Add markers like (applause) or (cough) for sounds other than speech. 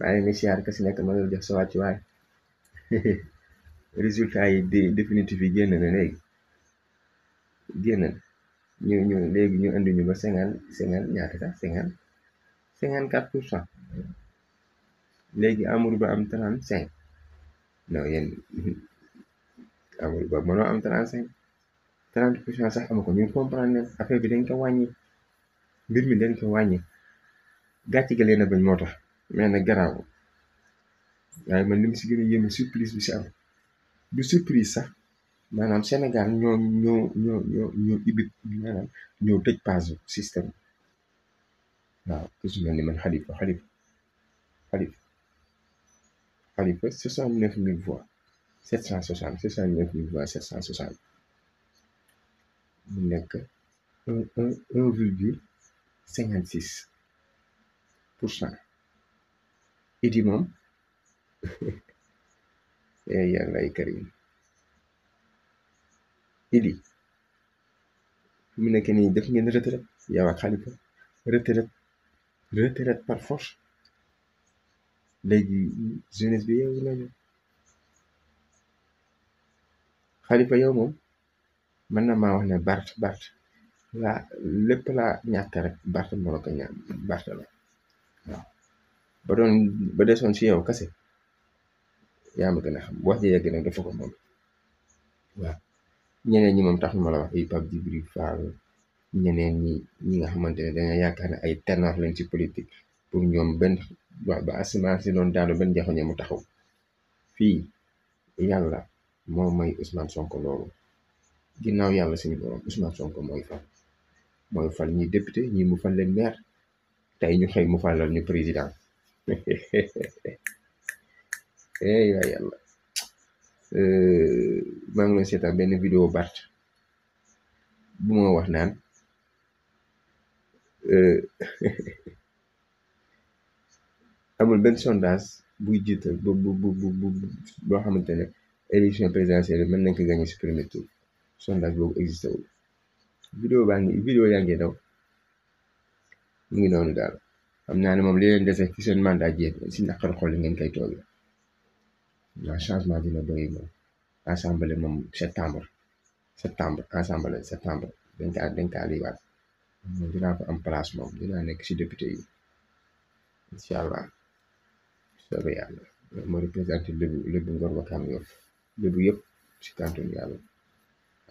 maa ngi leen (laughs) di si nekk ma ngi jox sa wàccuwaay résultat yi dé définitif yi génn na léegi génn na ñu ñu léegi ñu indi ñu ba cinquante cinquante ñaata sax cinquante cinquante quatre pour cent léegi Amadou Ba am trente cinq non yéen (laughs) Amadou Ba mënoo am trente cinq trente pour cent sax amu ko ñu comprendre leen affaire bi dañ ko wàññi mbir mi dañ ko wàññi gàcce gi leen a bañ moo tax. mais nag garaaw waaye man li ma si gën a yéeme surprise bi si am du surprise sax maanaam Sénégal ñoo ñoo ñoo ñoo ñoo maanaam ñoo tëj page système waaw ku si mel ni man xalifa xalifa xalifa xalifa soixante neuf mille voix sept cent soixante nekk un un un virgule cinquante six pour cent idi moom (laughs) ey eh, yàllay karim idi fu mu nekk nii def ngeen retraite yow ak Xalifa retraite par force léegi jeunesse bi yow nañu Xalifa yow moom mën na maa wax ne Bart Bart laa lépp laa ñàkk rek Bart moo la ko ñaan Bart la ba doon ba desoon ci yow kase yaa ma gën a xam wax ji yegg nag dafa ko moom waaw ñeneen ñi moom tax ma la wax ay Pape Djibril Fall ñeneen ñi nga xamante ne dañoo yaakaar ne ay tanaaf lañ ci politique pour ñoom benn waaw ba asamaan si doon daanu benn jaxoñe mu taxaw fii yàlla moo may Ousmane Sonko loolu ginnaaw yàlla suñu borom Ousmane Sonko mooy fal mooy fal ñi député ñi mu fal leen maire tey ñu xëy mu falal ñu président ey waay yàlla maa ngi doon seetaan benn vidéo Bart bu wax naan eh, (laughs) amul benn sondage buy jiital boo xamante ne élection présidentielle mën nañ ko gagné si premier tour yaa ngi daw mu ngi noonu daal xam naa ne moom li leen dese fi seen mandat jeex si naqar xol li ngeen koy toogee waaw changement dina bëri moom assemblée moom septembre septembre assemblée septembre dañ kaa dañ kaa liiwaat moom dinaa ko am place moom dinaa nekk si député yi incha allah soobee yàlla ma représenté lébu lébu ngor wakaam yof lébu yëpp si canton yàlla